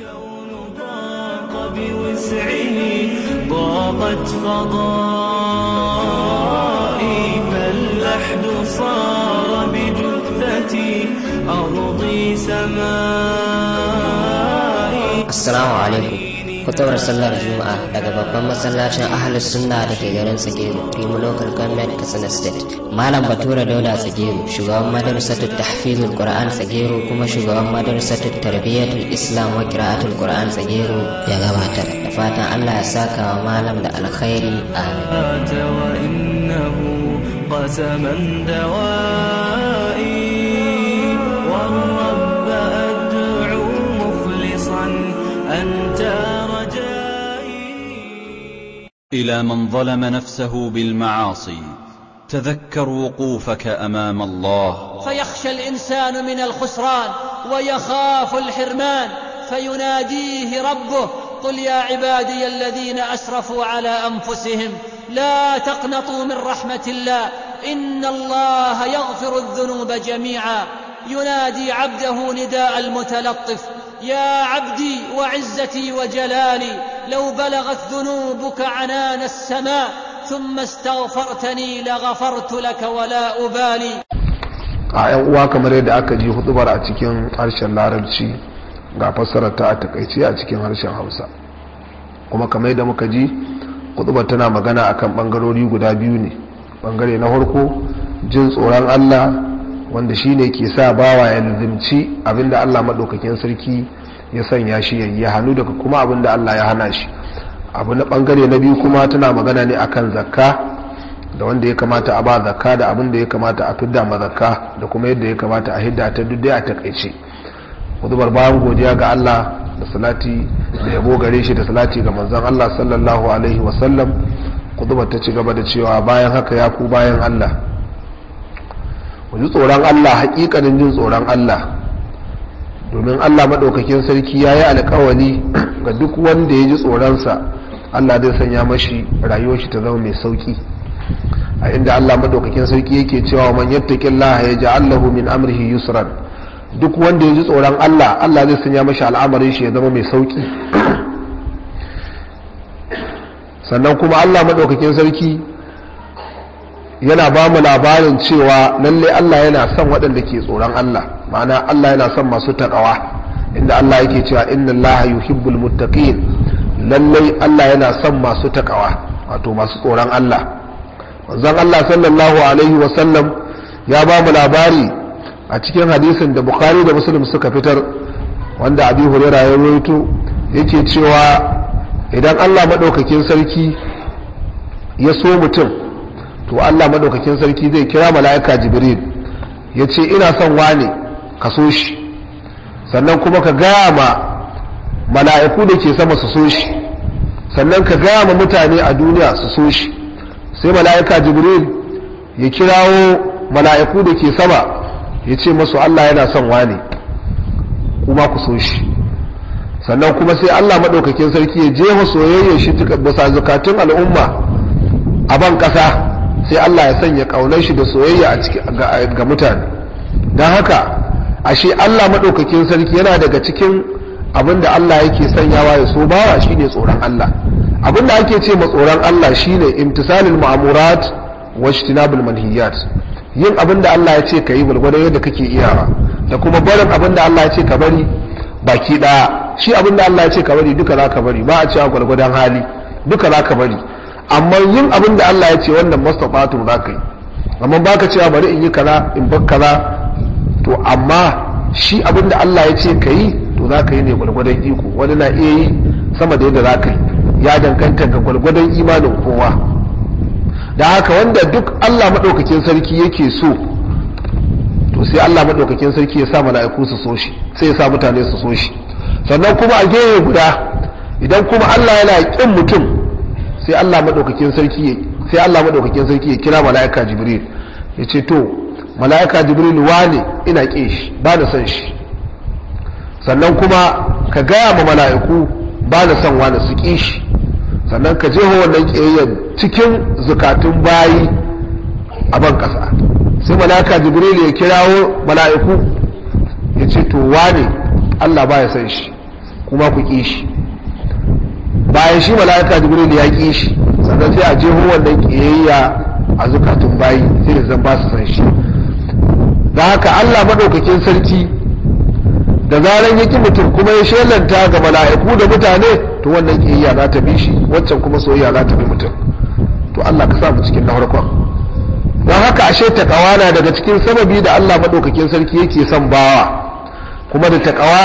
الكون ضاق بوسعه ضاقت فضائي فاللحد صار بجثتي أرضي سمائي السلام عليكم fitowar sallar juma'a daga babban masallacin ahalus sunna da ke garin tsagero primo local government katsina state malam batura dauda tsagero shugaban madarasatu tahfizul qur'an tsagero kuma shugaban madarasatu tarbiyyatul islam wa qira'atul qur'an tsagero ya gabatar da fatan allah ya saka wa malam da alkhairi amin قسما دواما إلى من ظلم نفسه بالمعاصي تذكر وقوفك أمام الله فيخشى الإنسان من الخسران ويخاف الحرمان فيناديه ربه قل يا عبادي الذين أسرفوا على أنفسهم لا تقنطوا من رحمة الله إن الله يغفر الذنوب جميعا ينادي عبده نداء المتلطف يا عبدي وعزتي وجلالي لو بلغت ذنوبك عنان السماء ثم استغفرتني لغفرت لك ولا أبالي a yan uwa kamar yadda aka ji hudubar a cikin harshen larabci ga fassarar ta a takaice a cikin harshen hausa kuma kamar yadda muka ji hudubar tana magana akan bangarori guda biyu ne bangare na farko jin tsoron allah wanda shine ke sa bawa ya lizimci abinda allah maɗaukakin sarki ya sanya shi yayi ya hannu daga kuma abin da Allah ya hana shi abu na bangare na biyu kuma tana magana ne akan zakka da wanda ya kamata a ba zakka da abin da ya kamata a fidda ma zakka da kuma yadda ya kamata a hidda ta duk dai a takaice kudubar bayan godiya ga Allah da salati da yabo gare shi da salati ga manzon Allah sallallahu alaihi wa sallam kudubar ta ci gaba da cewa bayan haka ya ku bayan Allah ku tsoron Allah hakikanin jin tsoron Allah domin allah maɗaukakin sarki ya yi alkawali ga duk wanda ya ji tsoronsa allah zai sanya mashi rayuwar shi ta zama mai sauki a inda allah maɗaukakin sarki yake cewa man yadda laha ya ji allahu min amrihi yusran duk wanda ya ji tsoron allah allah zai sanya mashi al'amarin shi ya zama mai sauki sannan kuma allah maɗaukakin sarki yana ba mu labarin cewa lalle Allah yana son waɗanda ke tsoron Allah ma'ana Allah yana son masu taƙawa inda Allah yake cewa inna Allah yuhibbul muttaqin lalle Allah yana son masu taƙawa wato masu tsoron Allah manzon Allah sallallahu alaihi wa sallam ya ba mu labari a cikin hadisin da Bukhari da Muslim suka fitar wanda Abi Hurairah ya rawaito yake cewa idan Allah madaukakin sarki ya so mutum to Allah madaukakin sarki zai kira mala'ika jibril ya ce ina son wane ka so shi sannan kuma ka gaya ma mala'iku da ke sama su so shi sannan ka gaya ma mutane a duniya su so shi sai mala'ika jibril ya kirawo mala'iku da ke sama ya ce masu Allah yana son wane kuma ku so shi sannan kuma sai Allah madaukakin sarki ya je wa soyayyar shi bisa zakatun al'umma a ban ƙasa sai Allah ya sanya kaunar shi da soyayya a ga mutane don haka ashe Allah maɗaukakin sarki yana daga cikin abinda Allah yake sanyawa ya so bawa shine tsoron Allah abinda ake ce ma tsoron Allah shine imtisalil ma'amurat wa ijtinabul manhiyat yin abinda Allah ya ce ka yi gwargwado yadda kake iyawa da kuma barin abinda Allah ya ce ka bari baki ɗaya shi abinda Allah ya ce ka bari duka za ka bari ba a cewa gwargwadon hali duka za ka bari amma yin abin da Allah ya ce wannan to za ka yi amma ba ka cewa bari in yi kaza in bar kaza to amma shi abin da Allah ya ce ka yi to za ka yi ne gwargwadon iko wani na iya yi sama da yadda za ka yi ya danganta ga gwargwadon imanin kowa da haka wanda duk Allah maɗaukakin sarki yake so to sai Allah maɗaukakin sarki ya sa mala'iku su so shi sai ya sa mutane su so shi sannan kuma a gefe guda idan kuma Allah yana ƙin mutum sai Allah madaukakin sarki sai Allah madaukakin sarki ya kira mala'ika jibril ya ce to mala'ika jibril wane ina ƙin ba da san shi sannan kuma ka gaya ma mala'iku ba da san wani su kishi, sannan ka je wannan ƙiyayyar cikin zakatun bayi a ban ƙasa sai mala'ika jibril ya kirawo mala'iku ya ce to wane Allah ba ya san shi kuma ku kishi. bayan shi mala'ika jibril ya ki shi sannan sai a hu, wannan kiyayya a zukatun bayi sai da zan ba su san shi da haka Allah madaukakin sarki da zaran yake mutum kuma ya shelanta ga mala'iku da mutane to wannan kiyayya za ta bi shi waccan kuma soyayya za ta bi mutum to Allah ka sa mu cikin na don haka ashe takawa na daga cikin sababi da Allah madaukakin sarki yake son bawa kuma da takawa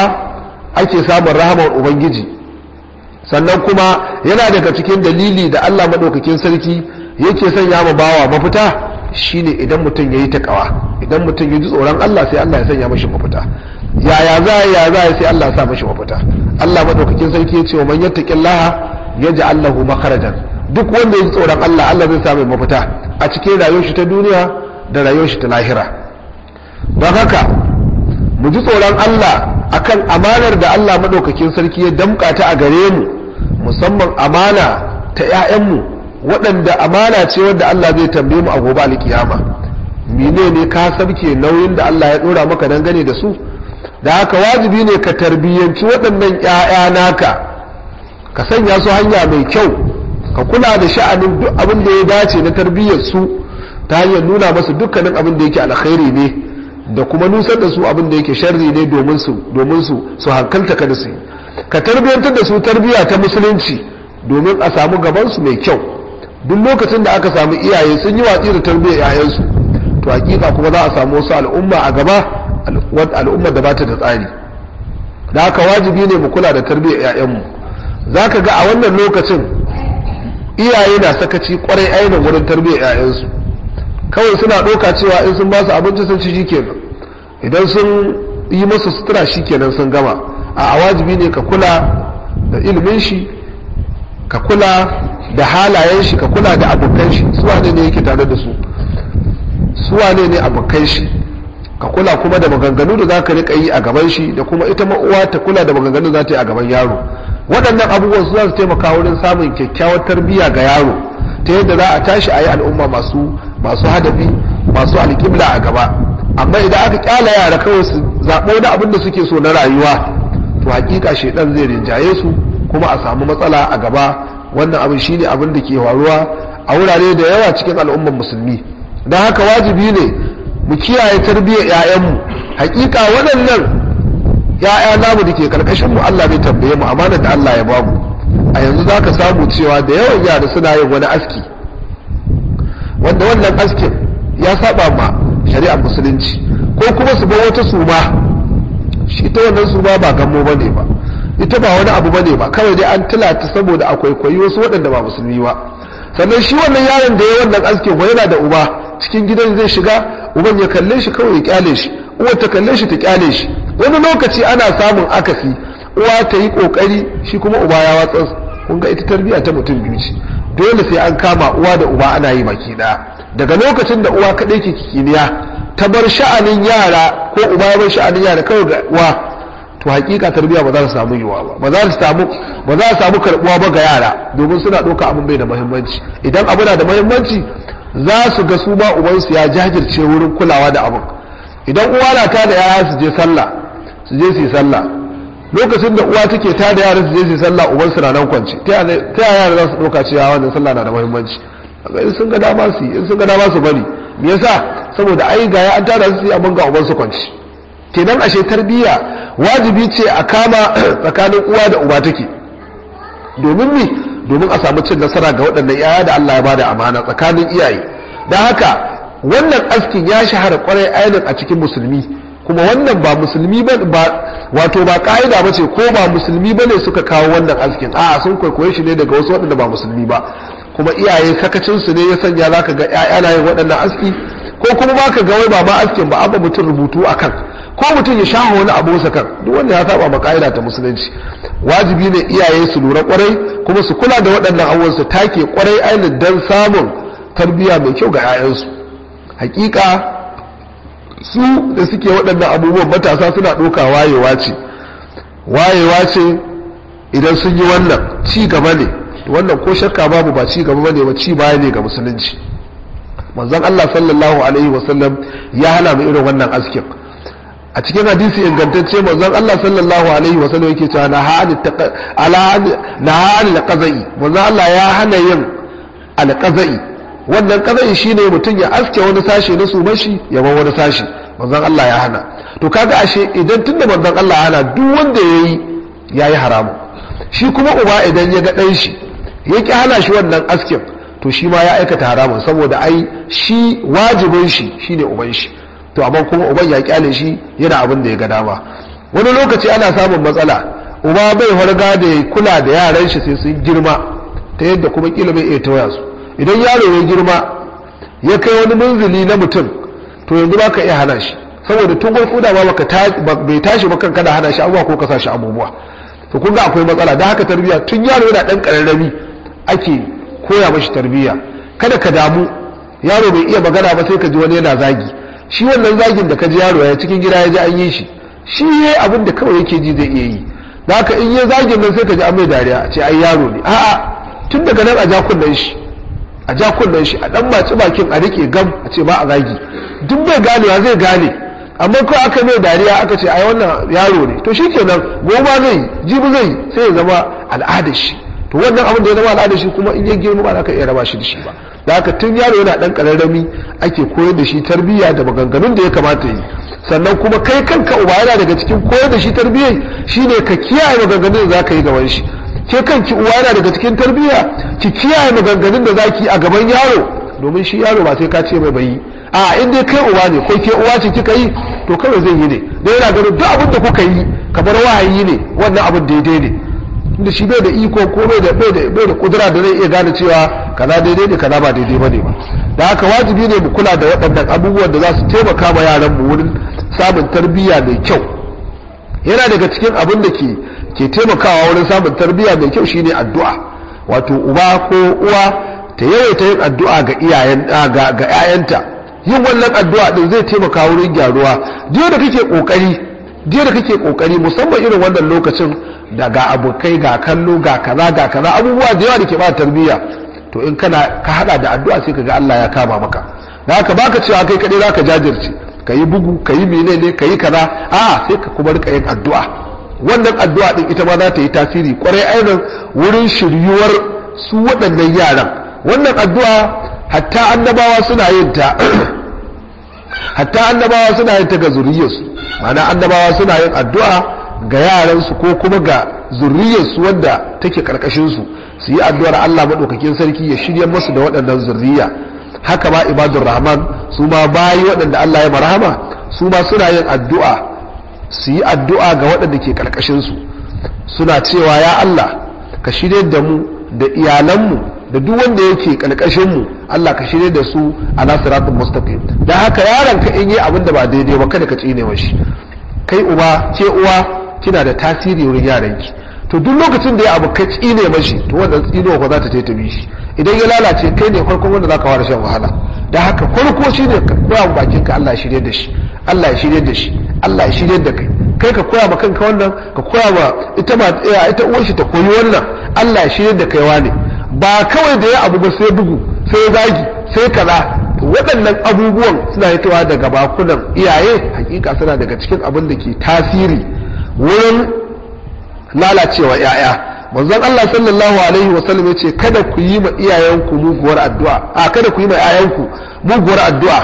ake samun rahamar ubangiji sannan kuma yana daga cikin dalili da Allah madaukakin sarki yake son ya bawa mafita shine idan mutum yayi takawa idan mutum ya ji tsoron Allah sai Allah ya sanya mashi mafita yaya za ya za sai Allah ya sa mashi mafita Allah madaukakin sarki ya ce wa man ya ji Allah makharajan duk wanda ya ji tsoron Allah Allah zai sa mai mafita a cikin rayuwar shi ta duniya da rayuwar shi ta lahira don haka mu ji tsoron Allah akan amanar da Allah madaukakin sarki ya damƙa ta a gare mu musamman amana ta 'ya'yanmu waɗanda amana ce wadda Allah zai tambaye mu a gobe alkiyama mene ne ka sabke nauyin da Allah ya ɗora maka dangane da su da haka wajibi ne ka tarbiyyanci waɗannan 'ya'ya naka ka sanya su hanya mai kyau ka kula da sha'anin duk abin da ya dace na tarbiyyar su ta hanyar nuna masu dukkanin abin da yake alkhairi ne da kuma nusar da su abin da yake sharri ne domin su su su hankalta kada su ka tarbiyantar da su tarbiyya ta musulunci domin a samu gabansu mai kyau duk lokacin da aka samu iyaye sun yi watsi da tarbiyyar 'ya'yansu to hakika kuma za a samu wasu al'umma a gaba al'ummar da ba ta da tsari da haka wajibi ne mu kula da tarbiyyar 'ya'yanmu za ka ga a wannan lokacin iyaye na sakaci kwarai ainihin wurin tarbiyyar 'ya'yansu kawai suna ɗauka cewa in sun ba su abinci sun ci shi idan sun yi masa sutura shi kenan sun gama a wajibi ne ka kula da ilimin shi ka kula da halayen shi ka kula da abokan shi suwane ne yake tare da su suwane ne abokan shi ka kula kuma da maganganu da za ka rika yi a gaban shi da kuma ita ma'uwa ta kula da maganganu za ta yi a gaban yaro waɗannan abubuwan su za su taimaka wurin samun kyakkyawar tarbiyya ga yaro ta yadda za a tashi a yi al'umma masu masu hadafi masu alƙibla a gaba amma idan aka ƙyala yara kawai su zaɓo da abin da suke so na rayuwa to hakika shedan zai rinjaye su kuma a samu matsala a gaba wannan abin shine abin da ke faruwa a wurare da yawa cikin al'ummar musulmi don haka wajibi ne mu kiyaye tarbiyyar 'ya'yanmu hakika waɗannan ya'ya namu da ke karkashin mu Allah bai tambaye mu amanar da Allah ya bamu a yanzu zaka samu cewa da yawan yara suna yin wani aski wanda wannan askin ya saba ma shari'ar musulunci ko kuma su bar wata suma ita wannan su ba ba gammo ba ne ba ita ba wani abu ba ne ba kawai dai an tilata saboda akwai kwayo wasu waɗanda ba musulmi ba sannan shi wannan yaron da ya wannan aske ba yana da uba cikin gidan zai shiga uban ya kalle shi kawai ya kyale shi uwar ta kalle shi ta kyale shi wani lokaci ana samun akasi uwa ta yi kokari shi kuma uba ya watsa kun ga ita tarbiyya ta mutum biyu ce dole sai an kama uwa da uba ana yi baki daya daga lokacin da uwa kaɗai ke kikiniya ta bar sha'anin yara ko uba ya bar sha'anin yara kawai ga wa to hakika tarbiyya ba za su samu yiwa ba ba za su samu ba za su samu karbuwa ba ga yara domin suna doka abin bai da muhimmanci idan abu na da muhimmanci za su ga su uban ubansu ya jajirce wurin kulawa da abin idan uwa na ta da yara su je sallah su je su yi sallah lokacin da uwa take ta da yara su je su yi sallah ubansu na nan kwance ta yara za su doka cewa wannan sallah na da muhimmanci in sun ga dama su yi in sun ga dama su bari me yasa saboda ai ga ya an tara su amma ga uban su kwanci kenan ashe tarbiyya wajibi ce a kama tsakanin uwa da uba take domin ni domin a samu cin nasara ga waɗannan yaya da Allah ya bada amana tsakanin iyaye dan haka wannan askin ya shahara kwarai ainin a cikin musulmi kuma wannan ba musulmi ba wato ba ka'ida ba ce ko ba musulmi ba ne suka kawo wannan askin a sun kwaikwaye shi ne daga wasu waɗanda ba musulmi ba kuma iyaye sakacinsu ne ya sanya za ka ga 'ya'ya na yin waɗannan aski ko kuma ba ka gawai ba ma askin ba abu mutum rubutu a kan ko mutum ya a wani abu wasa kan duk wanda ya saba ma ka'ida ta musulunci wajibi ne iyaye su lura kwarai kuma su kula da waɗannan abuwansa ta take kwarai ainihin don samun tarbiyya mai kyau ga 'ya'yansu hakika su da suke waɗannan abubuwan matasa suna ɗoka wayewa ce wayewa ce idan sun yi wannan ci gaba ne wannan ko shakka babu ba ci gaba ne ba ci baya ne ga musulunci manzon Allah sallallahu alaihi wasallam ya hana mu irin wannan askin a cikin hadisi ingantacce manzon Allah sallallahu alaihi wasallam yake cewa na hali ala na hali qazai manzon Allah ya hana yin alqazai wannan qazai shine mutum ya aske wani sashi na su shi ya bar wani sashi manzon Allah ya hana to kaga ashe idan tunda manzon Allah hana duk wanda yayi yayi haramu shi kuma uba idan ya ga dan shi yake hana shi wannan askin to shi ma ya aikata haramun saboda ai shi wajibin shi shine uban shi to amma kuma uban ya kyale shi yana abin da ya ga dama wani lokaci ana samun matsala uba bai harga da kula da yaran shi sai sun girma ta yadda kuma kila bai iya tawaya su idan yaro ya girma ya kai wani munzili na mutum to yanzu ba ka iya hana shi saboda tun gwarko da ba bai tashi ba kanka da hana shi abubuwa ko kasa shi abubuwa to kun ga akwai matsala da haka tarbiyya tun yaro yana dan kararrami ake koya mashi tarbiyya kada ka damu yaro bai iya magana ba sai ka ji wani yana zagi shi wannan zagin da ka ji yaro ya cikin gida ya ji an yi shi shi ne abin da kawai yake ji zai iya yi da haka in yi zagin nan sai ka ji an mai dariya a ce ai yaro ne a'a tun daga nan a ja kunnen shi a ja shi a dan baci bakin a rike gam a ce ba a zagi duk bai ganewa zai gane amma ko aka mai dariya aka ce ai wannan yaro ne to shikenan goma zai jibi zai sai ya zama al'adar shi to wannan abin da ya zama al'adar shi kuma in ya girma ba za ka iya raba shi da shi ba da haka tun yaro yana dan kararrami ake koyar da shi tarbiyya da maganganun da ya kamata yi sannan kuma kai kanka uba yana daga cikin koyar da shi tarbiyya shine ka kiyaye maganganun da za ka yi gaban shi ke kanki uwa yana daga cikin tarbiyya ki kiyaye maganganun da za ki yi a gaban yaro domin shi yaro ba sai ka ce mai bai a in dai kai uwa ne ko ke uwa ce kika yi to kawai zai yi ne da yana ganin duk abin da kuka yi kamar wahayi ne wannan abin daidai ne da shi bai da iko ko bai da da kudura da zai iya gane cewa kaza daidai da kaza ba daidai bane ba da haka wajibi ne mu kula da waɗannan abubuwan da za su taimaka ma yaran mu wurin samun tarbiyya mai kyau yana daga cikin abin da ke ke taimakawa wurin samun tarbiyya mai kyau shine addu'a wato uba ko uwa ta yawaita yin addu'a ga iyayen ga ga ƴaƴanta yin wannan addu'a din zai taimaka wurin gyaruwa jiya da kake kokari jiya da kake kokari musamman irin wannan lokacin daga abokai ga kallo ga kaza ga kaza abubuwa da yawa da ke ba tarbiyya to in kana ka hada da addu'a sai kaga Allah ya kama maka da haka baka cewa kai kadai zaka jajirce kayi bugu kayi menene kayi kaza a sai ka kuma rika yin addu'a wannan addu'a din ita ma za ta yi tasiri kwarai ainin wurin shiryuwar su waɗannan yaran wannan addu'a hatta annabawa suna yin ta hatta annabawa suna yin ta ga zuriyarsu ma'ana annabawa suna yin addu'a ga yaransu ko kuma ga zurriyarsu wadda take karkashinsu su yi addu'ar Allah maɗaukakin sarki ya shirya masu da waɗannan zurriya haka ba ibadun rahman su ma bayi waɗanda Allah ya marahama su ma suna yin addu'a su yi addu'a ga waɗanda ke karkashinsu suna cewa ya Allah ka shirya da mu da iyalanmu da duk wanda yake karkashinmu Allah ka shirya da su a nasiratun mustaqim da haka yaron ka in yi abin da ba daidai ba kada ka tsine mashi kai uba ce uwa kina da tasiri wurin yaranki to duk lokacin da ya abu ka tsine mashi to wannan tsino ko za ta ta bi shi idan ya lalace kai ne farkon wanda za fara shan wahala da haka farko shi ne ka koya bakin bakinka Allah ya shirye da shi Allah ya shirye da shi Allah ya shirye da kai kai ka koya ma kanka wannan ka koya ma ita ma eh, ita uwar shi ta koyi wannan Allah ya shirye da kaiwa ne ba kawai da ya abu ba sai bugu sai zagi sai kaza waɗannan abubuwan suna hitowa daga bakunan iyaye hakika suna daga cikin abin da ke tasiri wurin lalacewa ya'ya manzon Allah sallallahu alaihi wasallam ce, kada ku yi ma iyayenku muguwar addu'a a kada ku yi ma iyayenku muguwar addu'a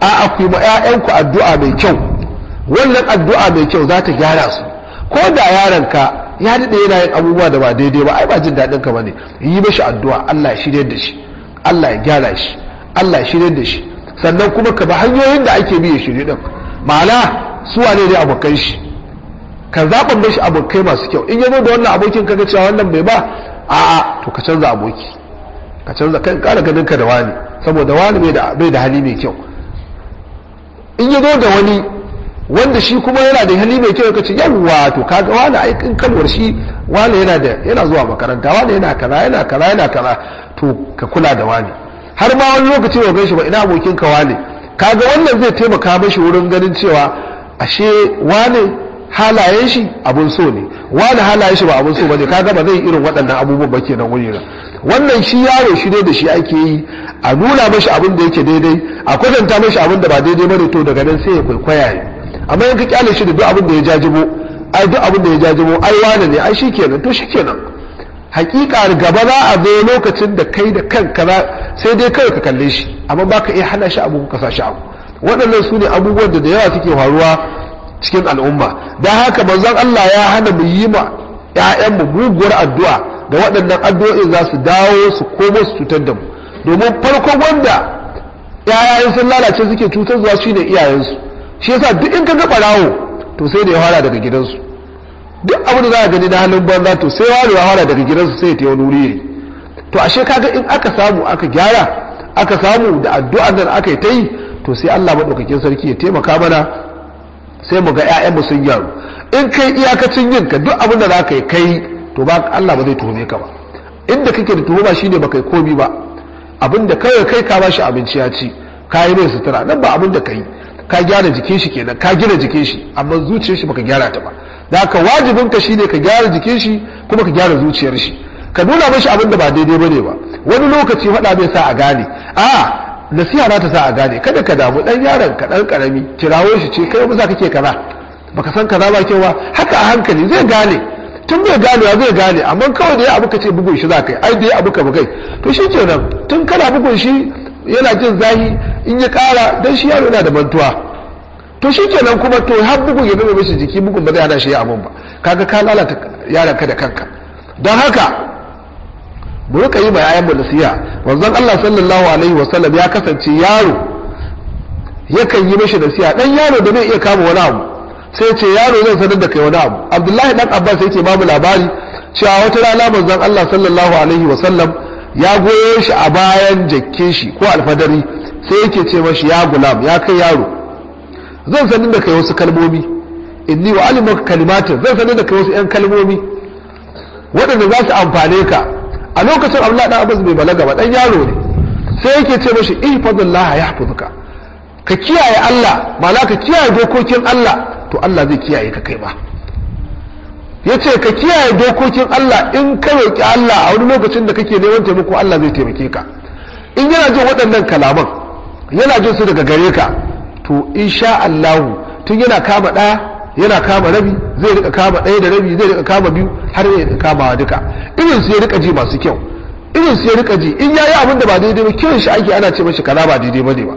a a ku yi ma iyayenku addu'a mai kyau wannan addu'a mai kyau za ta gyara su ko da yaranka ya dade yana yin abubuwa da ba daidai ba ai ba jin dadin ka bane yi mashi addu'a Allah ya shirya da shi Allah ya gyara shi Allah ya shirya da shi sannan kuma ka ba hanyoyin da ake bi ya shirya din ma'ana su wane dai abokan shi ka zaɓan shi abokai masu kyau in yazo da wannan abokin kaga cewa wannan bai ba a'a to ka canza aboki ka canza kan kara ganin ka da wani saboda wani bai da hali mai kyau in yazo da wani wanda shi kuma yana da hali mai kyau ce yawwa to kaga wani aikin kalwar shi wani yana da yana zuwa makaranta wani yana kaza yana kaza yana kaza to ka kula da wani har ma wani lokaci ba gan shi ba ina abokin ka wani kaga wannan zai taimaka mashi wurin ganin cewa ashe wane Halaye shi abun so ne wani halaye shi ba abun so bane kaga ba zai irin waɗannan abubuwan ba kenan wuri na wannan shi yaro shi dai da shi ake yi a nuna mashi abin da yake daidai a kwatanta mashi abin da ba daidai bane to daga nan sai ya kwaikwaya ne amma yanka kyale shi da duk abin da ya jajibo ai duk abin da ya jajibo ai wani ne ai shikenan to shikenan hakika gaba za a zo lokacin da kai da kanka sai dai kawai ka kalle shi amma baka iya hana shi abu ka shi abu waɗannan su ne abubuwan da da yawa suke faruwa cikin al'umma don haka manzon Allah ya hana mu yi ma ‘ya'yanmu muguwar addu'a da waɗannan addu'o'in za su dawo su komo su cutar da mu domin farkon wanda ‘ya'yayen sun lalace suke cutar zuwa shi ne iyayensu shi yasa duk in ka ga ɓarawo to sai da ya fara daga gidansu duk abin da za a gani na halin banza to sai wani ya fara daga gidansu sai ta wani wuri to ashe ga in aka samu aka gyara aka samu da addu'ar nan aka yi ta yi to sai Allah maɗaukakin sarki ya taimaka mana sai mu ga mu sun yaro in kai iyakacin yin ka duk abin da za ka yi kai to ba Allah ba zai tuhume ka ba inda kake da tuhuma shine ba kai komi ba abin da kawai kai ka bashi abinci ya ci ka yi mai sutura nan ba abin da ka yi ka gyara jikin shi kenan ka gina jikin shi amma zuciyar shi baka gyara ta ba da ka wajibin ka shine ka gyara jikin shi kuma ka gyara zuciyar shi ka nuna mashi abin da ba daidai bane ba wani lokaci faɗa bai sa a gane a nasiha za ta sa a gane kada ka damu dan yaron ka dan karami kirawo shi ce kai musa kake kaza baka san kaza ba kewa haka a hankali zai gane tun bai ganewa zai gane amma kawai da ya abu ka ce bugun shi za ka yi ai da ya abu ka bugai to shi nan tun kana bugun shi yana jin zahi in ya kara dan shi yaro yana da mantuwa to shi nan kuma to har bugun ya gama mishi jiki bugun ba zai hana shi ya abun ba kaga ka lalata yaron ka da kanka don haka mu rika yi ma yayan mu Wanzan Allah sallallahu alaihi wasallam ya kasance yaro yakan yi mashi nasiya. dan yaro da bai iya kama wani abu sai ce yaro zai sanar da kai wani abu Abdullahi dan Abbas yake babu labari cewa wata rana manzon Allah sallallahu alaihi wasallam ya goyo shi a bayan jakke shi ko alfadari sai yake ce mashi ya gulam ya kai yaro zan sanar da kai wasu kalmomi inni wa alimaka kalimatin zan sanar da kai wasu yan kalmomi waɗanda za su amfane ka a lokacin abdullahi dan abu bai balaga ba ɗan yaro ne sai yake ce mashi ihfazillah yahfazuka ka kiyaye Allah ba za ka kiyaye dokokin Allah to Allah zai kiyaye ka kai ba Ya ce ka kiyaye dokokin Allah in ka roki Allah a wani lokacin da kake neman taimako Allah zai taimake ka in yana jin waɗannan kalaman yana jin su daga gare ka to in sha Allah tun yana kama ɗaya yana kama rabi zai rika kama ɗaya da rabi zai rika kama biyu har ya rika kama duka irin su ya rika ji masu kyau irin su ya rika ji in yayi abin da ba daidai ba kiran shi ake ana ce mashi kaza ba daidai bane ba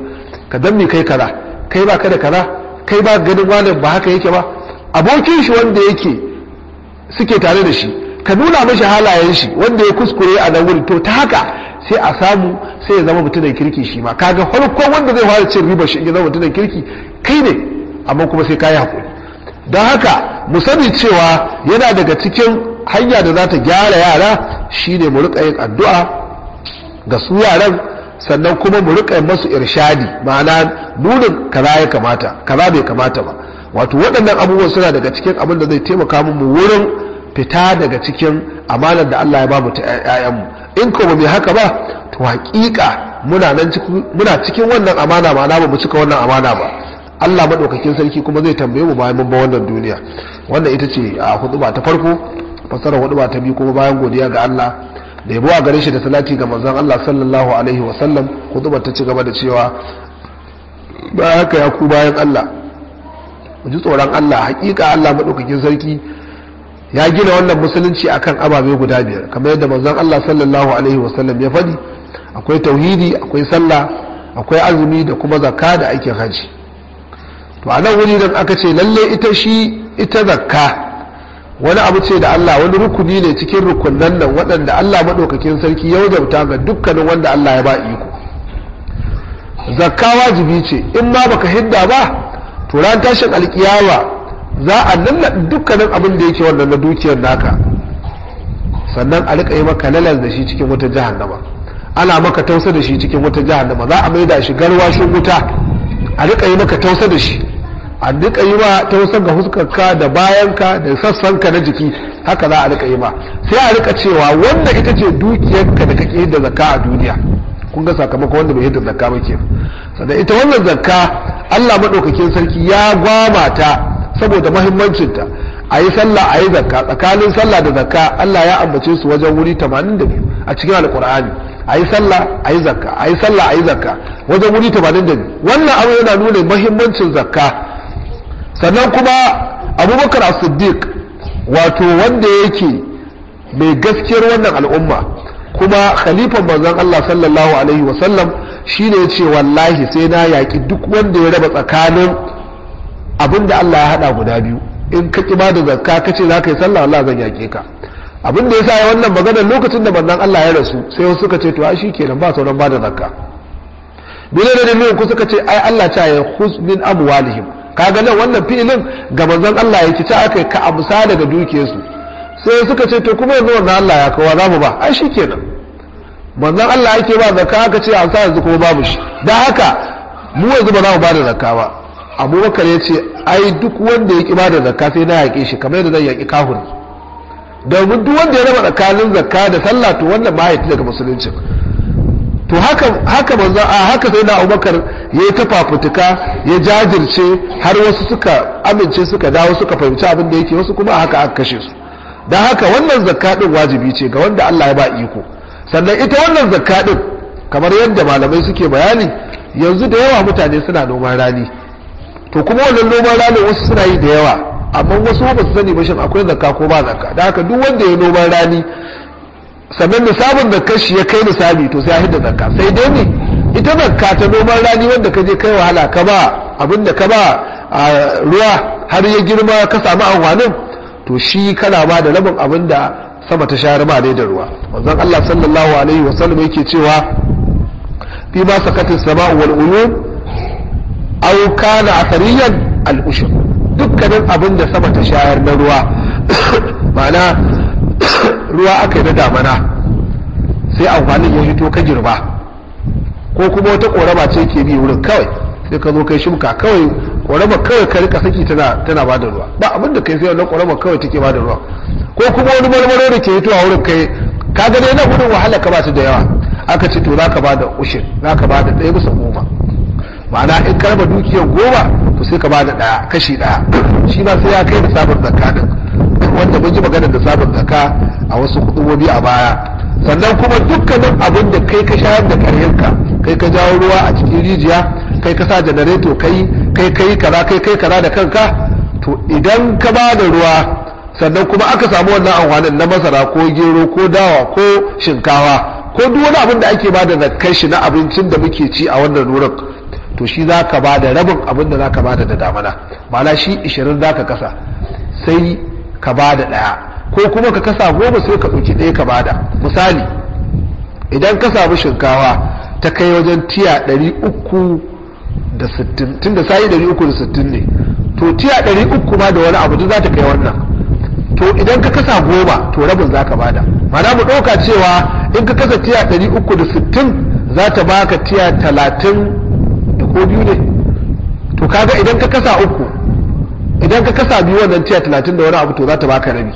ka dan me kai kaza kai ba ka da kaza kai ba ganin malam ba haka yake ba abokin shi wanda yake suke tare da shi ka nuna mashi halayen shi wanda ya kuskure a nan wuri to ta haka sai a samu sai ya zama mutumin kirki shi ma kaga farkon wanda zai fara cin riba shi in ya zama mutumin kirki kai ne amma kuma sai kayi hakuri don haka mu sani cewa yana daga cikin hanya da za ta gyara yara shine mu rika yin addu'a ga su yaran sannan kuma mu rika masu irshadi ma'ana nuna kaza ya kamata kaza bai kamata ba wato waɗannan abubuwan suna daga cikin abin da zai taimaka mu wurin fita daga cikin amanar da Allah ya ba mu ta 'ya'yanmu in ko ba mai haka ba to haƙiƙa muna cikin wannan amana ma'ana ba mu cika wannan amana ba Allah maɗaukakin sarki kuma zai tambaye mu bayan mun wannan duniya wannan ita ce a hutuba ta farko fasara hutuba ta biyu kuma bayan godiya ga Allah da yabo a gare shi da salati ga manzon Allah sallallahu alaihi wa sallam hutubar ta ci gaba da cewa ba haka ya ku bayan Allah mu ji tsoron Allah hakika Allah maɗaukakin sarki ya gina wannan musulunci akan ababe guda biyar kamar yadda manzon Allah sallallahu alaihi wa sallam ya faɗi akwai tauhidi akwai sallah akwai azumi da kuma zakka da aikin hajji to a nan wuri don aka ce lalle ita shi ita zakka wani abu ce da Allah wani rukuni ne cikin rukunan nan waɗanda Allah maɗaukakin sarki ya wajabta ga dukkanin wanda Allah ya ba iko zakka wajibi ce in ma baka hidda ba to ran tashin alkiyawa za a nanna dukkanin abin da yake wannan na dukiyar naka sannan a riƙa yi maka lalas da shi cikin wata jahannama ana maka tausa da shi cikin wata jahannama za a maida shi garwashin wuta a riƙa yi maka tausa da shi a duka yi ma ta wasan ga huskarka da bayanka da sassanka na jiki haka za a duka yi ma sai a duka cewa wanda ita ce dukiyarka da kake da zakka a duniya kun ga sakamakon wanda bai da zakka ba ke sannan ita wannan zakka Allah maɗaukakin sarki ya gwama ta saboda mahimmancinta a yi sallah a yi zakka tsakanin sallah da zakka Allah ya ambace su wajen wuri 82 a cikin alkur'ani a yi sallah a yi zakka a yi sallah a yi zakka wajen wuri 82 wannan abu yana nuna mahimmancin zakka sannan kuma abubakar as-siddiq wato wanda yake mai gaskiyar wannan al'umma kuma khalifan manzan Allah sallallahu alaihi wasallam shine yace wallahi sai na yaki duk wanda ya raba tsakanin abinda Allah ya hada guda biyu in ka ki ka zakka kace zaka yi sallah Allah zan yake ka abin da yasa ya wannan magana lokacin da manzon Allah ya rasu sai wasu suka ce to ai shikenan ba sauran bada zakka dole da ne ku suka ce ai Allah ta ya khus min amwalihim kaga nan wannan fi'ilin ga manzon Allah ya ci ta aka ka amsa daga dukiyarsu sai suka ce to kuma yanzu wannan Allah ya kawo za mu ba ai shikenan manzon Allah yake ba zakka aka ce amsa yanzu kuma babu shi dan haka mu yanzu ba za mu ba da zakka ba abubakar ya ce ai duk wanda ya ki ba da zakka sai na yaƙe shi kamar yadda zan yaƙi kahuri domin duk wanda ya raba tsakanin zakka da sallah to wannan ba ya daga musulunci to haka haka za a haka sai na Abubakar yayi ta fafutuka ya jajirce har wasu suka amince suka dawo suka fahimci abin da yake wasu kuma haka aka kashe su dan haka wannan zakka din wajibi ce ga wanda Allah ya ba iko sannan ita wannan zakka din kamar yadda malamai suke bayani yanzu da yawa mutane suna noman rani to kuma wannan noman rani wasu suna yi da yawa amma wasu ba su sani ba shin akwai zakka ko ba zakka dan haka duk wanda ya noman rani sannan nisabin da kashi ya kai nisabi to sai a hidda zakka sai dai ne ita zakka ta noman rani wanda ka je kai wahala ka ba abin da ka ba a ruwa har ya girma ka samu amfanin to shi kana ba da rabin abin da sama ta share ma dai da ruwa wanzan Allah sallallahu alaihi wasallam yake cewa fi ma sakatin sama'u wal uyun aw kana athariyan al ushur dukkanin abin da sama ta shayar na ruwa ma'ana ruwa aka yi na damana sai amfanin ya hito ka girba ko kuma wata koraba ce ke bi wurin kawai sai ka zo kai shimka kawai koraba kawai ka rika saki tana tana da ruwa ba abin da kai sai wannan koraba kawai take da ruwa ko kuma wani marmaro da ke a wurin kai ka gane na gudun wahala ka ba su da yawa aka ce to za ka ba da ushin za ka ba da ɗaya bisa goma ma'ana in ka raba dukiyar goma to sai ka ba da ɗaya kashi ɗaya shi ma sai ya kai da sabon zakka wanda mun ji magana da sabon kaka a wasu hukumomi a baya sannan kuma dukkanin abin da kai ka shayar da karyanka kai ka jawo ruwa a cikin rijiya kai ka sa janareto kai kai kai kaza kai kai kaza da kanka to idan ka ba da ruwa sannan kuma aka samu wannan amfanin na masara ko gero ko dawa ko shinkawa ko duk wani abin da ake ba da zakar shi na abincin da muke ci a wannan wurin to shi za ka ba da rabin abin da za ka ba da damana mala shi 20 za ka kasa sai ka bada ɗaya ko kuma ka kasa goma sai ka ɗauki ɗaya ka bada misali idan ka samu shinkawa ta kai wajen tiya 360 tun da sayi 360 ne to tiya 300 ma da wani abu duk za ta kai wannan to idan ka kasa goma to rabin za ka bada mana mu ɗauka cewa in ka kasa tiya 360 za ta baka tiya 30 da ko biyu ne to kaga idan ka kasa uku idan ka kasa biyu wannan tiya talatin da wani abu to za ta baka rabi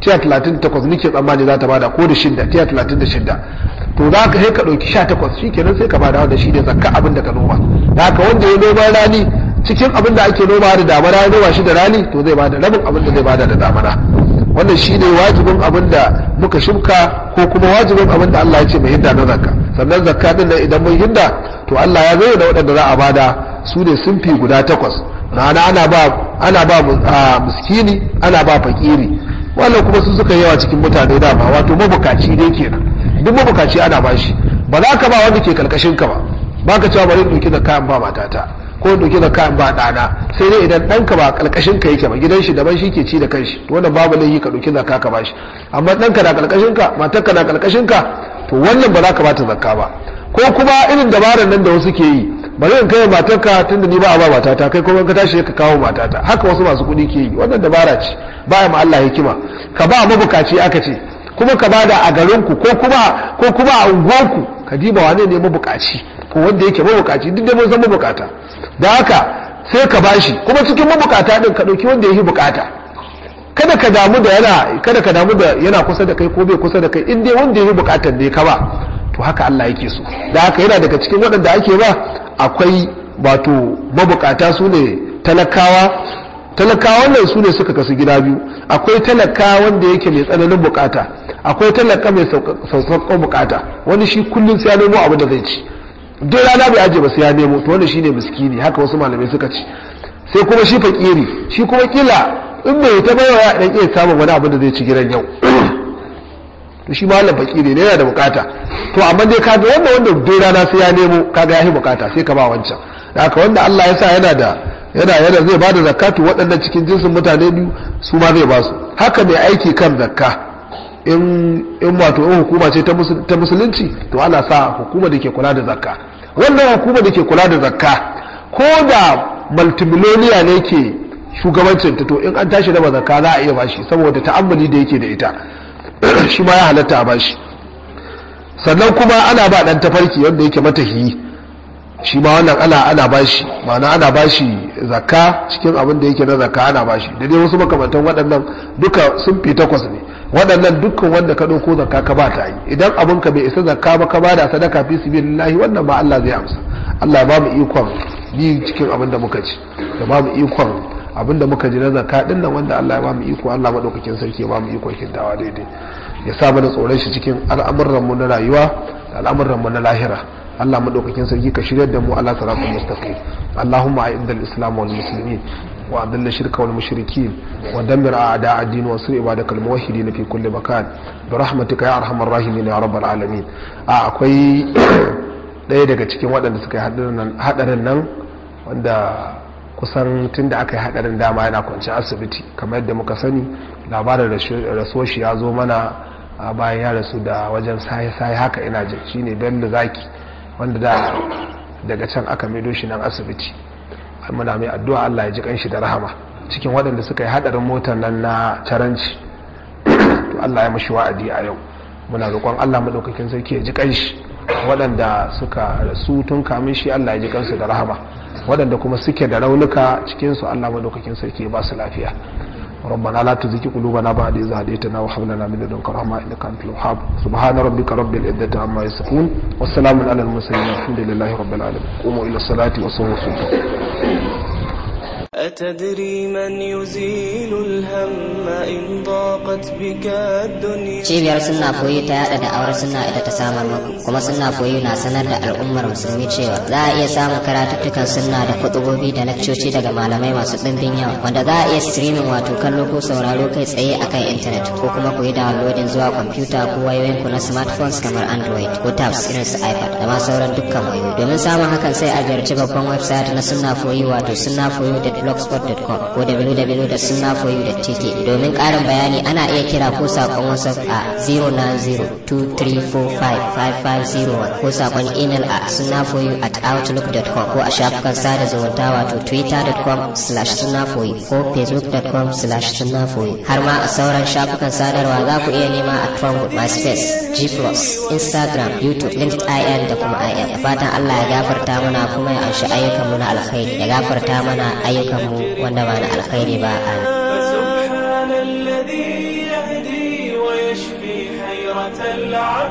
tiya talatin da takwas nike tsammani za ta bada ko da shida tiya talatin da shida to za ka sai ka ɗauki sha takwas shi kenan sai ka bada wanda shi ne zakka abin da ka noma da haka wanda ya noma rani cikin abin da ake noma da damana ya noma shi da rani to zai bada rabin abin da zai bada da damana wannan shi ne wajibin abin da muka shimka ko kuma wajibin abin da Allah ya ce mai hinda na zakka sannan zakka din nan idan mun hinda to Allah ya zai da waɗanda za a bada su ne sun fi guda takwas ma'ana ana ba ana ba miskini ana ba fakiri wannan kuma su suka yawa cikin mutane da ba wato mabukaci dai kenan duk mabukaci ana ba shi ba za ka ba wanda ke karkashin ka ba ba ka cewa bari doki da kayan ba matata ko doki da kayan ba ɗana sai dai idan ɗanka ba karkashin ka yake ba gidan shi daban shi ke ci da kanshi wannan babu laifi ka doki zaka ka ba shi amma ɗanka na karkashin ka matarka na karkashin ka to wannan ba za ka ba ta zakka ba ko kuma irin dabarar nan da wasu ke yi ba in kai matarka tun da ni ba a ba matata kai kuma ka tashi ka kawo matata haka wasu masu kuɗi ke yi wannan dabara ce ba ma Allah hikima ka ba mabukaci aka ce kuma ka bada a garinku ko kuma ko kuma a unguwarku ka diba wane ne mabukaci ko wanda yake mabukaci duk da mun san mabukata da haka sai ka bashi kuma cikin mabukata din ka dauki wanda yake bukata kada ka damu da yana kada ka damu da yana kusa da kai ko bai kusa da kai in dai wanda yake bukatar ne ka ba to haka Allah yake so da haka yana daga cikin waɗanda ake ba akwai wato mabukata su ne talakawa talakawa nan su ne suka kasu gida biyu akwai talaka wanda yake mai tsananin bukata akwai talaka mai sassauƙon bukata wani shi kullum sai ya nemo abu da zai ci duk rana bai aje ba sai ya nemo to wanda shine miskini haka wasu malamai suka ci sai kuma shi fakiri shi kuma kila in bai ta idan dan iya samun wani abu da zai ci gidan yau to shi ma wannan fakiri ne yana da bukata to amma dai ka ga wanda wanda dai rana sai ya nemo kaga yahi bukata sai ka ba wancan haka wanda Allah ya sa yana da yana yana zai bada zakatu waɗannan cikin jinsin mutane biyu su ma zai ba su haka mai aiki kan zakka in in wato in hukuma ce ta musulunci to ana sa hukuma da ke kula da zakka wannan hukuma da ke kula da zakka ko da multimillionaire ne ke shugabancin ta to in an tashi da zakka za a iya bashi saboda ta'ammali da yake da ita shi ma ya halatta a bashi sannan kuma ana ba ɗan tafarki wanda yake matahiyi shi ma wannan ana ana bashi ma'ana ana bashi zakka cikin abin da yake na zakka ana bashi da dai wasu makamantan waɗannan duka sun fi takwas ne waɗannan dukkan wanda ka ɗauko zaka ka ba ta yi idan abin ka bai isa zakka ba ka ba da sadaka fi sabilillahi wannan ba Allah zai amsa Allah ba mu ikon ni cikin abin da muka ci da ba mu ikon abinda muka ji na zakka din nan wanda Allah ya ba mu iko Allah madaukakin sarki ya ba mu iko dawa daidai ya sa mana tsoron shi cikin al'amuran mu na rayuwa da al'amuran mu na lahira Allah madaukakin sarki ka shirya da mu Allah sarafa mustaqim Allahumma a'id al-islam wal muslimin وأذل الشرك والمشركين ودمر na الدين وانصر عبادك الموحدين في كل مكان ya arhamar rahimin ya يا رب a akwai ɗaya daga cikin waɗanda suka yi haɗarin nan wanda kusan tun da aka yi hadarin dama yana kwanci asibiti kamar yadda muka sani labarin rasuwar shi ya zo mana bayan ya rasu da wajen saye-saye haka ina jin shi ne bello zaki wanda da daga can aka maido shi nan asibiti muna mai addu'a allah ya ji kanshi da rahama cikin waɗanda suka yi hadarin motar nan na taranci to allah ya mashi wa'adi a yau muna roƙon allah maɗaukakin sarki ya ji kanshi waɗanda suka rasu tun kamin shi allah ya ji kansu da rahama waɗanda kuma suke da raunuka cikinsu allah ma dokokin sarki ba su lafiya rabbana la tuziki kulubana ba a izaha da ita na wahab na namida don karo ma inda kan filo hab su ba hana rabbi ka rabbi da ta amma ya wasu salamun alal musulman sun da lalahi rabbi kuma ila salati wasu wasu أتدري من cibiyar suna koyi ta yada da auren suna ita ta samar muku kuma sunna koyi na sanar da al'ummar musulmi cewa za a iya samun karatuttukan sunna da kutubobi da lakcoci daga malamai masu ɗimbin yawa wanda za a iya streaming wato kallo ko sauraro kai tsaye akan intanet ko kuma koyi downloading zuwa kwamfuta ko wayoyin ku na smartphones kamar android ko tabs irin su ipad da ma sauran dukkan wayoyi domin samun hakan sai a ziyarci babban website na sunna koyi wato sunna koyi blogspot.com ko wwwsunna 4 domin ƙarin bayani ana iya kira ko saƙon WhatsApp a 09023455501 ko saƙon email a sunafoyu 4 u at outlook.com ko a shafukan sada zumunta wato twitter.com slash sunna ko facebook.com slash sunna har ma a sauran shafukan sadarwa za ku iya nema a Trumpet, MySpace, G+, Instagram, YouTube, LinkedIn da kuma IM. Fatan Allah ya gafarta mana kuma ya ayyukan ayyukanmu na alkhairi ya gafarta mana ayyukan تفرقه والنوال على خير باء فسبحان الذي يهدي ويشفي حيرة العبد